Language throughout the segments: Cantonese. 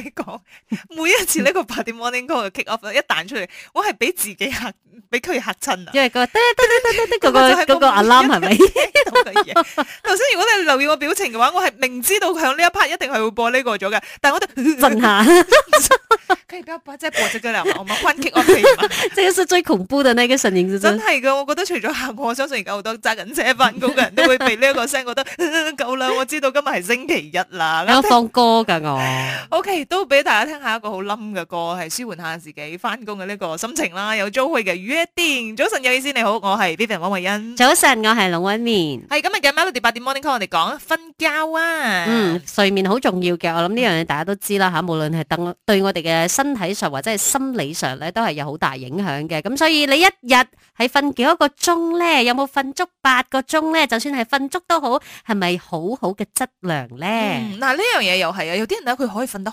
你講每一次呢個八點 morning call 就 kick off。一彈出嚟，我係俾自己嚇，俾佢嚇親啊！因為嗰個嗰、那個嗰個嗰個欄係咪？頭先如果你留意我表情嘅話，我係明知道佢響呢一 part 一定係會播呢、這個咗嘅。但係我得瞓下。佢而家即係播隻歌啦，我咪關機我哋。一一 這個是最恐怖嘅呢個神音真係噶，我覺得除咗行，我相信而家好多揸緊車、翻工嘅人都會被呢一個聲，覺得夠啦！我知道今日係星期一啦。有放歌噶我。O K。都俾大家聽下一個好冧嘅歌，係舒緩下自己翻工嘅呢個心情啦。有租去嘅，約定。早晨有意思你好，我係 Vivian 王慧欣。早晨，我係龍威面。係今日嘅 Melody 八點 Morning Call 我哋講瞓覺啊。嗯，睡眠好重要嘅，我諗呢樣嘢大家都知啦吓。無論係對對我哋嘅身體上或者係心理上咧，都係有好大影響嘅。咁所以你一日係瞓幾多個鐘咧？有冇瞓足八個鐘咧？就算係瞓足都好，係咪好好嘅質量咧？嗱、嗯，呢樣嘢又係啊，有啲人咧佢可以瞓得。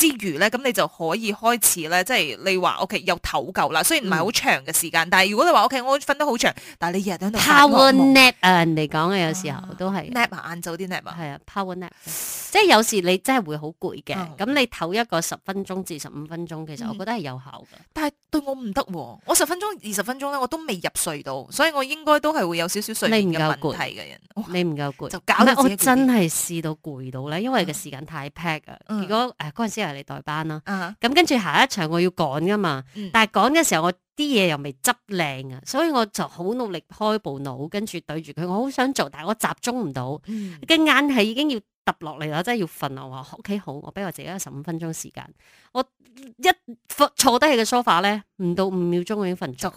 之餘咧，咁你就可以開始咧，即係你話 OK 有唞夠啦。雖然唔係好長嘅時間，但係如果你話 OK，我瞓得好長，但係你日日喺度 power nap 啊，人哋講嘅，有時候都係 nap 晏晝啲 nap 啊，係啊，power nap，即係有時你真係會好攰嘅。咁你唞一個十分鐘至十五分鐘，其實我覺得係有效嘅。但係對我唔得喎，我十分鐘、二十分鐘咧，我都未入睡到，所以我應該都係會有少少睡眠嘅問題嘅人。你唔夠攰，就搞自己攰。我真係試到攰到咧，因為個時間太 pack 啊。如果誒嗰陣你代班啦，咁跟住下一場我要趕噶嘛，但係趕嘅時候我啲嘢又未執靚啊，所以我就好努力開部腦，跟住對住佢，我好想做，但係我集中唔到，嘅眼係已經要揼落嚟啦，真係要瞓啦。我話屋企好，我俾我自己十五分鐘時間，我一坐低喺嘅 sofa 咧，唔到五秒鐘已經瞓咗，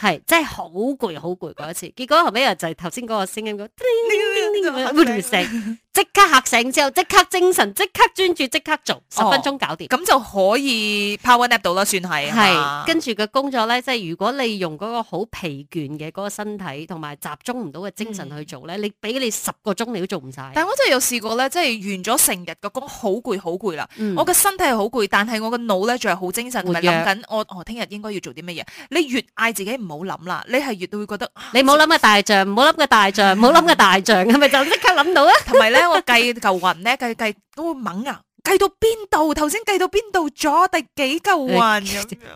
係真係好攰，好攰嗰一次。結果後尾又就係頭先嗰個聲音，嗰叮叮叮叮，我唔即刻嚇醒之後，即刻精神，即刻專注，即刻做，十分鐘搞掂，咁、哦、就可以 power nap 到啦，算係。係是、啊、跟住個工作咧，即係如果你用嗰個好疲倦嘅嗰個身體同埋集中唔到嘅精神去做咧，嗯、你俾你十個鐘你都做唔晒、嗯。但係我真係有試過咧，即係完咗成日個工，好攰好攰啦，我個身體係好攰，但係我個腦咧仲係好精神，同埋諗緊我哦，聽日應該要做啲乜嘢。你越嗌自己唔好諗啦，你係越都會覺得、啊、你唔好諗個大象，唔好諗個大象，唔好諗個大象，係咪 就即刻諗到啊！同埋咧。我計舊雲咧，計計我都猛啊！計到邊度？頭先計到邊度咗？第幾舊雲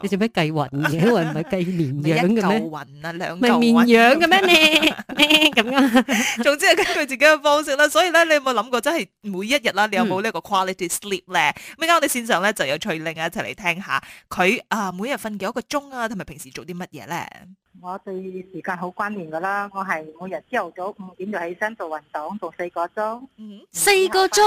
你做咩計雲嘅？因為唔係計綿羊嘅咩？雲啊，兩唔係綿羊嘅咩？咁啊，總之係根據自己嘅方式啦。所以咧，你有冇諗過真係每一日啦？你有冇呢個 quality sleep 咧？咁而家我哋線上咧就有趣令啊一齊嚟聽下佢啊，每日瞓幾多個鐘啊，同埋平時做啲乜嘢咧？我對時間好關聯噶啦，我係每日朝頭早五點就起身做運動，做四個鐘，四、mm hmm. 個鐘，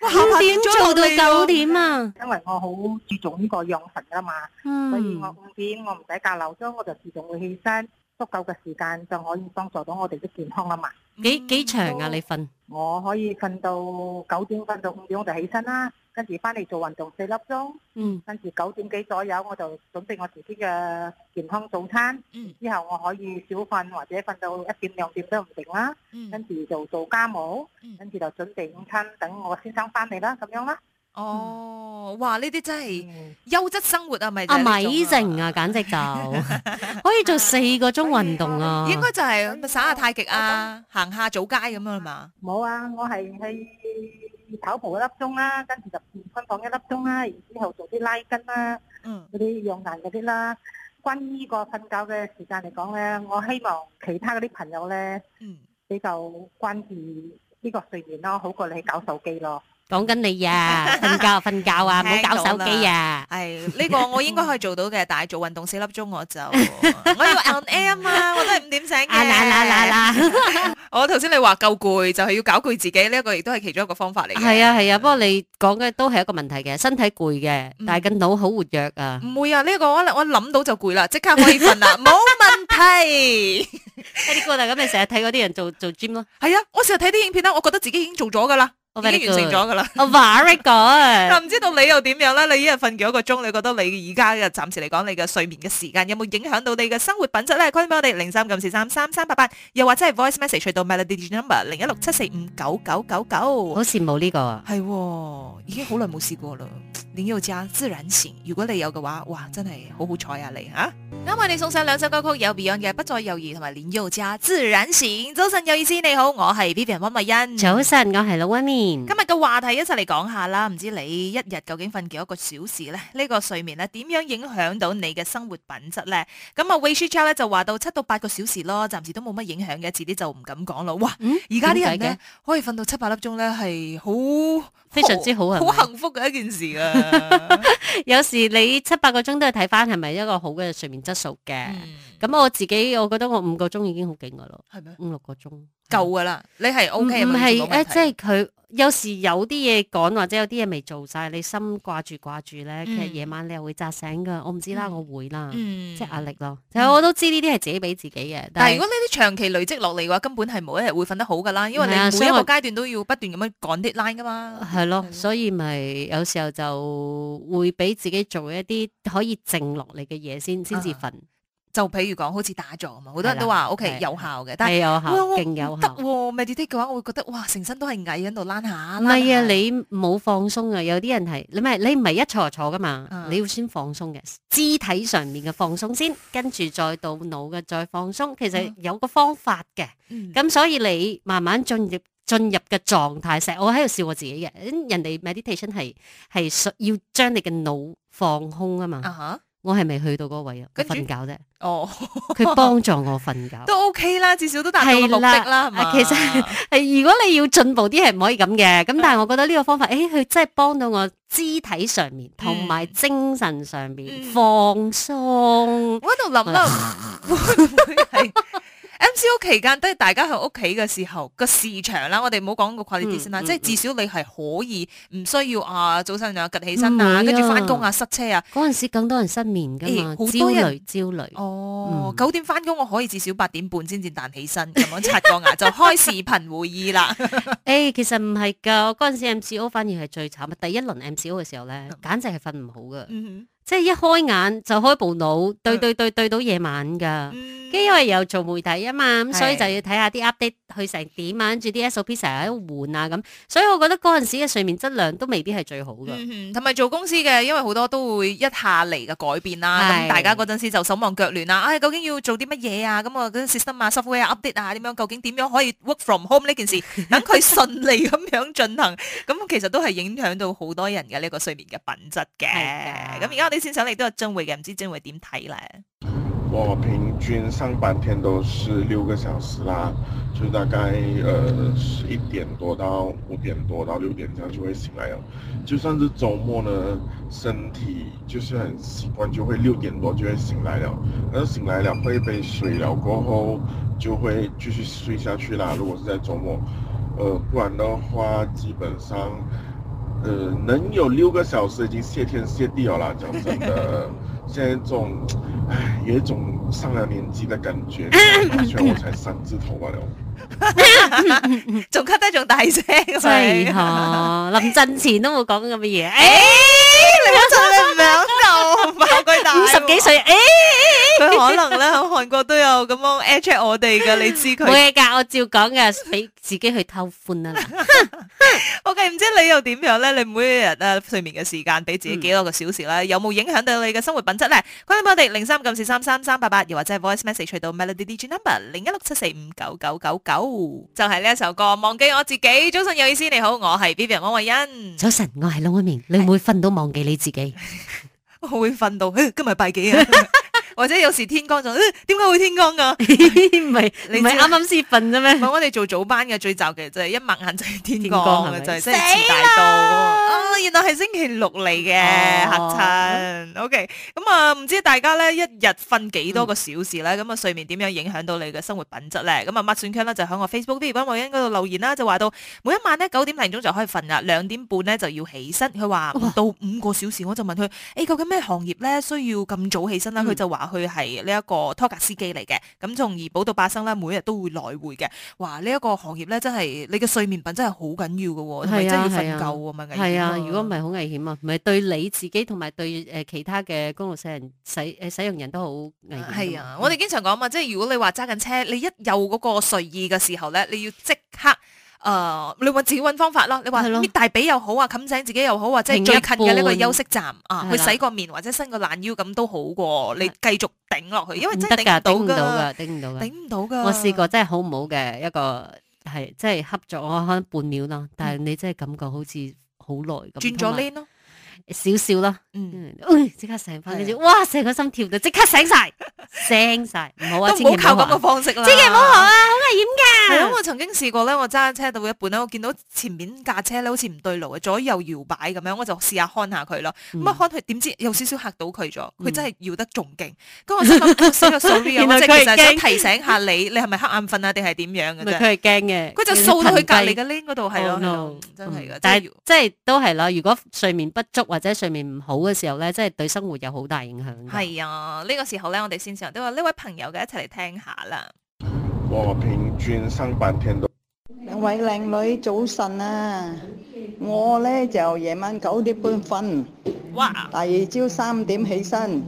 哇，五點做到九點啊！因為我好注重呢個養神噶嘛，mm hmm. 所以我五點我唔使隔鬧鐘，我就自動會起身，足夠嘅時間就可以幫助到我哋嘅健康啊嘛。幾幾長啊？你瞓？我可以瞓到九點，瞓到五點，我就起身啦。跟住翻嚟做運動四粒鐘，跟住九點幾左右我就準備我自己嘅健康早餐，之後我可以少瞓或者瞓到一點兩點都唔定啦。跟住就做家務，跟住就準備午餐等我先生翻嚟啦，咁樣啦。哦，哇！呢啲真係優質生活啊，咪啊米靜啊，簡直就 可以做四個鐘運動啊！啊應該就係、是哎、耍下太極啊，種行下早街咁樣啊嘛。冇啊，我係去。跑步一粒鐘啦，跟住就健身房一粒鐘啦，然之後做啲拉筋啦，嗰啲仰臥嗰啲啦。關於呢個瞓覺嘅時間嚟講咧，我希望其他嗰啲朋友咧比較關注呢個睡眠咯，好過你搞手機咯。講緊你呀，啊，瞓覺瞓覺啊，唔好，啊、搞手機啊。係呢，哎這個我應該可以做到嘅， 但係做運動四粒鐘我就我要按 M 啊，我都係五點醒嘅。啦啦啦啦我頭先你話夠攰，就係、是、要搞攰自己呢一，這個，亦都係其中一個方法嚟嘅。係啊係啊，不過你講嘅都係一個問題嘅，身體攰嘅，但係個腦好活躍啊。唔、嗯、會啊，呢，這個我我諗到就攰啦，即刻可以瞓啦，冇問題。睇啲哥，咁你成日睇嗰啲人做做 gym 咯。係啊，我成日睇啲影片啦，我覺得自己已經做咗噶啦。已經完成咗噶啦！我唔知道你又點樣咧？你一日瞓幾多個鐘？你覺得你而家嘅暫時嚟講，你嘅睡眠嘅時間有冇影響到你嘅生活品質咧？歡迎俾我哋零三九四三三三八八，又或者係 voice message 到 Melody number 零一六七四五九九九九。好羨慕呢個，係已經好耐冇試過喇。林宥嘉自然醒，如果你有嘅話，哇，真係好好彩啊！你吓啱，我哋送上兩首歌曲，有 Beyond 嘅不再猶豫同埋林宥嘉自然醒。早晨，有意思，你好，我係 Vivian 溫慧欣。早晨，我係老 ummy。今日嘅話題一齊嚟講下啦，唔知你一日究竟瞓幾多個小時咧？呢、這個睡眠咧，點樣影響到你嘅生活品質咧？咁啊，Wishul 咧就話到七到八個小時咯，暫時都冇乜影響嘅，遲啲就唔敢講咯。哇，而家啲人咧可以瞓到七八粒鐘咧，係好非常之好啊，好幸福嘅一件事啊！ 有時你七八個鐘都要睇翻係咪一個好嘅睡眠質素嘅。咁、嗯、我自己我覺得我五個鐘已經好勁噶咯，嗎五六個鐘。夠噶啦，你係 OK 唔係誒？即係佢有時有啲嘢講，或者有啲嘢未做晒，你心掛住掛住咧，嗯、其實夜晚你又會扎醒噶。我唔知啦，嗯、我會啦，嗯、即係壓力咯。但係、嗯、我都知呢啲係自己俾自己嘅。但係如果呢啲長期累積落嚟嘅話，根本係冇一日會瞓得好噶啦。因為你每一個階段都要不斷咁樣趕 deadline 噶嘛。係咯、啊，所以咪、啊、有時候就會俾自己做一啲可以靜落嚟嘅嘢先，先至瞓。就譬如講，好似打坐啊嘛，好多人都話 OK 有效嘅，但係我我得喎 meditation 嘅話，我會覺得哇，成身都係攰喺度攣下。唔係啊，你冇放鬆啊，有啲人係你咪你唔係一坐就坐㗎嘛，嗯、你要先放鬆嘅肢體上面嘅放鬆先，跟住再到腦嘅再放鬆。其實有個方法嘅，咁、嗯、所以你慢慢進入進入嘅狀態。成日我喺度笑我自己嘅，人哋 meditation 係係要將你嘅腦放空啊嘛。嗯我係咪去到嗰個位啊？瞓著覺啫，哦，佢幫助我瞓覺都 OK 啦，至少都達到目的啦。啦，係係其實係如果你要進步啲，係唔可以咁嘅。咁 但係我覺得呢個方法，誒、欸，佢真係幫到我肢體上面同埋精神上面、嗯、放鬆鬆。我喺度諗，會唔會係？MCO 期間都係大家喺屋企嘅時候個市場啦，我哋唔好講個快啲先啦，嗯嗯、即係至少你係可以唔需要啊早上啊趌起身啊，跟住翻工啊，啊塞車啊。嗰陣時更多人失眠噶嘛，哎、好多焦慮焦慮。哦，九、嗯、點翻工我可以至少八點半先至彈起身，咁樣刷個牙 就開視頻會議啦。誒、 哎，其實唔係㗎，嗰陣時 MCO 反而係最慘啊！第一輪 MCO 嘅時候咧，簡直係瞓唔好噶。嗯即係一開眼就開部腦，對對對對到夜晚㗎。嗯、因為又做媒體啊嘛，咁所以就要睇下啲 update 去成點啊，跟住啲 SOP 成日喺度換啊咁。所以我覺得嗰陣時嘅睡眠質量都未必係最好㗎。同埋、嗯、做公司嘅，因為好多都會一下嚟嘅改變啦，咁是大家嗰陣時就手忙腳亂啦。唉、哎，究竟要做啲乜嘢啊？咁我嗰啲 system 啊、software 啊、update 啊點樣、啊？究竟點樣可以 work from home 呢件事等佢 順利咁樣進行？咁其實都係影響到好多人嘅呢個睡眠嘅品質嘅。咁而家先上你都有精衛嘅，唔知精衛點睇咧？我平均上半天都是六個小時啦，就大概誒呃，十一點多到五點多到六點，這樣就會醒來了。就算是周末呢，身體就是很習慣，就會六點多就會醒來了。然後醒來了，喝一杯水了過後，就會繼續睡下去啦。如果是在周末，呃，不然的話，基本上。誒、呃，能有六個小時已經謝天謝地哦啦，講真的，現在這種，唉，有一種上了年紀的感覺。你我才三字頭吧你？仲咳 得仲大聲，真係嗬！ 林振前都冇講咁嘅嘢，誒、欸， 你唔做你唔做，唔該 大，五十幾歲。可能咧喺韓國都有咁樣 at 我哋噶，你知佢冇嘢噶，我照講噶，俾自己去偷歡啦。OK，唔知你又點樣咧？你每日啊睡眠嘅時間，俾自己幾多個小時咧？有冇影響到你嘅生活品質咧？關心我哋零三九四三三三八八，又或者係 voice message 到 Melody D G Number 零一六七四五九九九九，就係呢一首歌《忘記我自己》。早晨有意思，你好，我係 Vivian 汪慧欣。早晨，我係 Long 永明，你會唔會瞓到忘記你自己？我會瞓到，今日拜幾啊？或者有時天光就，點、哎、解會天光噶、啊？唔係 是，唔係啱啱先瞓啫咩？剛剛我哋做早班嘅最就嘅就係一擘眼就係天光嘅啫，即係遲大到、啊哦、原來係星期六嚟嘅，嚇親、啊。OK，咁、嗯、啊，唔知大家咧一日瞓幾多個小時咧？咁啊，睡眠點樣影響到你嘅生活品質咧？咁、嗯、啊，麥俊強咧就喺我 Facebook、WeChat 嗰度留言啦，就話到每一晚咧九點零鐘就可以瞓啦，兩點半咧就要起身。佢話到五個小時，哇我就問佢：誒、欸、究竟咩行業咧需要咁早起身啦？佢就話。佢係呢一個拖卡司機嚟嘅，咁從而保到巴生啦，每日都會來回嘅。哇！呢、這、一個行業咧，真係你嘅睡眠品質真係好緊要嘅喎、哦，啊、真係要瞓夠啊嘛，危險。係啊，如果唔係好危險啊，唔係、啊、對你自己同埋對誒其他嘅公路行人使、呃、使用人都好危險。係啊，啊嗯、我哋經常講嘛，即係如果你話揸緊車，你一有嗰個睡意嘅時候咧，你要即刻。誒，你話自己搵方法咯，你話搣大髀又好啊，冚醒自己又好啊，即係最近嘅呢個休息站啊，去洗個面或者伸個懶腰咁都好過你繼續頂落去，因為真係頂唔到噶，頂唔到噶，頂唔到噶。我試過真係好唔好嘅一個，係即係恰咗可能半秒咯，但係你真係感覺好似好耐咁。轉咗呢咯，少少啦，嗯，即刻醒翻嗰啲，哇！成個心跳就即刻醒曬，醒曬，唔好啊，千祈唔好啊，千祈唔好學啊，好危險嘅。係啊，我曾經試過咧，我揸車到一半咧，我見到前面架車咧好似唔對路嘅，左右搖擺咁樣，我就試下看下佢咯。咁啊，看佢點知有少少吓到佢咗，佢真係搖得仲勁。咁我心諗，我心入手邊有只，其實提醒下你，你係咪黑暗瞓啊？定係點樣嘅？佢係驚嘅，佢就掃到佢隔籬嘅 link 嗰度係咯，真係噶。但係即係都係啦，如果睡眠不足或者睡眠唔好嘅時候咧，即係對生活有好大影響。係啊，呢個時候咧，我哋先至都話呢位朋友嘅一齊嚟聽下啦。我平均上半天多。兩位靚女早晨啊！我呢就夜晚九點半瞓，嗯，哇！第二朝三點起身，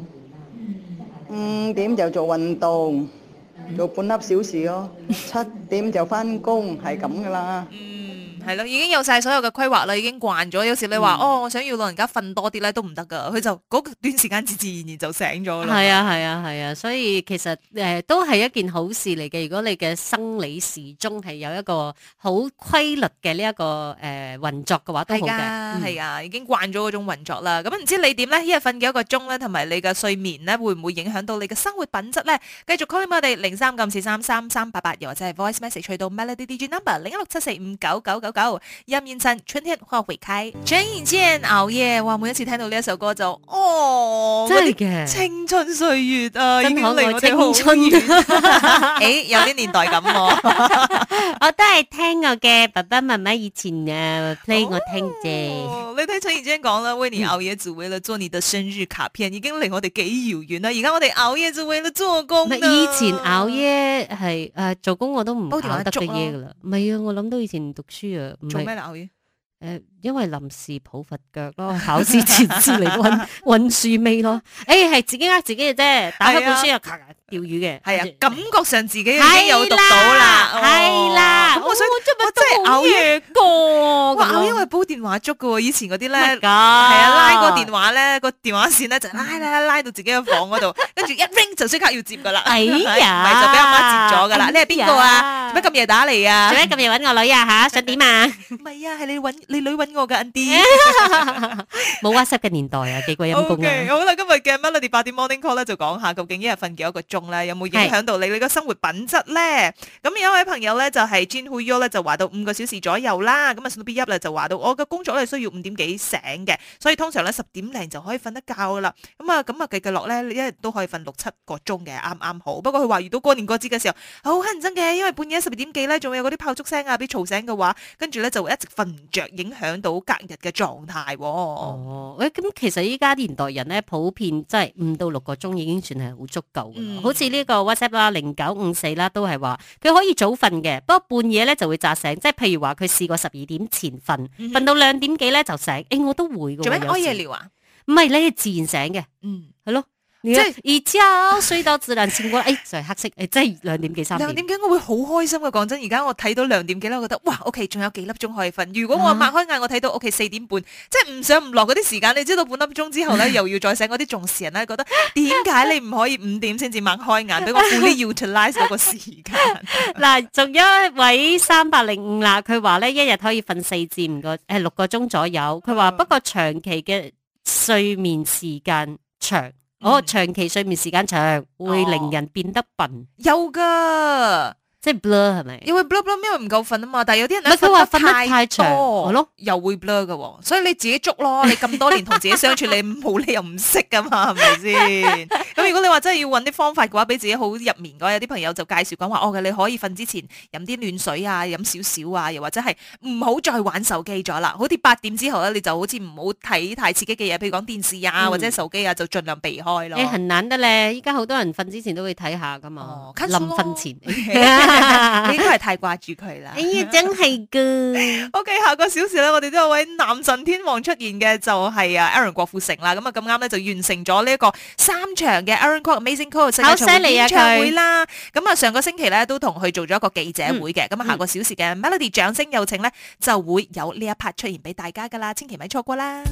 五點就做運動，做半粒小時咯、哦。七點就返工，係咁噶啦。嗯係咯，已經有晒所有嘅規劃啦，已經慣咗。有時你話哦，我想要老人家瞓多啲咧，都唔得噶。佢就嗰段時間自自然然就醒咗啦。係啊，係啊，係啊，所以其實誒都係一件好事嚟嘅。如果你嘅生理時鐘係有一個好規律嘅呢一個誒運作嘅話，都好嘅。係啊，已經慣咗嗰種運作啦。咁唔知你點咧？一日瞓幾多個鐘咧？同埋你嘅睡眠咧，會唔會影響到你嘅生活品質咧？繼續 call 我哋零三九四三三三八八，又或者係 voice message 去到 Melody d Number 零一六七四五九九九。九陰燕春，春天花會開。任賢齊熬夜，話每一次聽到呢一首歌就哦，真係嘅青春歲月啊，已經嚟青春。好有啲年代感。 我都係聽我嘅爸爸媽媽以前啊 play、哦、我聽啫，你睇任賢齊講啦，為你熬夜只為咗做你嘅生日卡片，已經離我哋幾遙遠啦。而家我哋熬夜就為咗做工、啊。以前熬夜係誒、呃、做工我了，我都唔搞得嘅嘢噶啦。唔係啊，我諗到以前讀書做咩流血？誒、呃，因為臨時抱佛腳咯，考試前夕嚟溫溫書味咯。誒、欸，係自己呃、啊、自己嘅、啊、啫，打開本書又。釣魚嘅，係啊，感覺上自己已經有讀到啦，係啦，我真係偶遇過，哇，因為煲電話粥嘅喎，以前嗰啲咧，係啊，拉個電話咧，個電話線咧就拉拉拉拉到自己嘅房嗰度，跟住一 ring 就即刻要接嘅啦，哎呀，咪就俾阿媽接咗嘅啦，你係邊個啊？做咩咁夜打嚟啊？做咩咁夜揾我女啊？嚇，想點啊？唔係啊，係你揾你女揾我㗎，Andy，冇 WhatsApp 嘅年代啊，幾鬼陰功啊！OK，好啦，今日嘅 Melody 八點 Morning Call 咧就講下究竟一日瞓幾多個鐘？有冇影響到你你嘅生活品質咧？咁有一位朋友咧就係 Jane Huo 咧就話到五個小時左右啦，咁啊 sleep 就話到我嘅工作咧需要五點幾醒嘅，所以通常咧十點零就可以瞓得覺噶啦，咁啊咁啊繼繼落咧一日都可以瞓六七個鐘嘅，啱啱好。不過佢話遇到過年過節嘅時候好乞人憎嘅，因為半夜十二點幾咧仲有嗰啲炮竹聲啊，俾嘈醒嘅話，跟住咧就會一直瞓唔着，影響到隔日嘅狀態。哦，咁其實依家啲現代人咧普遍即係五到六個鐘已經算係好足夠。嗯好似呢個 WhatsApp 啦，零九五四啦，都係話佢可以早瞓嘅，不過半夜咧就會扎醒，即係譬如話佢試過十二點前瞓，瞓、嗯、哼到兩點幾咧就醒，誒、哎，我都會嘅，做咩屙嘢尿啊？唔係，你係自然醒嘅，嗯，係咯。即係而之後，睡到自然醒。我、哎、誒，就係、是、黑色誒，即係兩點幾三點。兩點幾，我會好開心嘅。講真，而家我睇到兩點幾我覺得哇，OK，仲有幾粒鐘可以瞓。如果我擘開眼，我睇到屋企四點半，即係唔上唔落嗰啲時間，你知道半粒鐘之後咧，又要再醒嗰啲 重視人咧，覺得點解你唔可以五點先至擘開眼，俾 我 full utilize 嗰個時間？嗱，仲有一位三百零五啦，佢話咧，一日可以瞓四至五個誒六個鐘左右。佢話、嗯、不過長期嘅睡眠時間長。哦，長期睡眠時間長，會令人變得笨，哦，有㗎。即係 blur 係咪？因為 bl blur r 因為唔夠瞓啊嘛。但係有啲人咧，瞓得太多，太又會 blur 嘅、哦。 所以你自己捉咯。你咁多年同自己相處， 你冇理由唔識噶嘛，係咪先？咁如果你話真係要搵啲方法嘅話，俾自己好入眠嘅話，有啲朋友就介紹講話哦，你可以瞓之前飲啲暖水啊，飲少少啊，又或者係唔好再玩手機咗啦。好似八點之後咧，你就好似唔好睇太刺激嘅嘢，譬如講電視啊、嗯、或者手機啊，就盡量避開咯。你、欸、很難得咧，依家好多人瞓之前都會睇下噶嘛。臨瞓、oh, 哦、前。Okay. 你都係太掛住佢啦！ 哎呀，真係噶 ！OK，下個小時咧，我哋都有位男神天王出現嘅，就係啊 Aaron 郭富城啦。咁啊，咁啱咧就完成咗呢一個三場嘅 Aaron Core Amazing Call 好犀利演唱會啦。咁啊，它上個星期咧都同佢做咗一個記者會嘅。咁啊、嗯，下個小時嘅 Melody 掌聲有請咧，就會有呢一 part 出現俾大家噶啦，千祈唔咪錯過啦！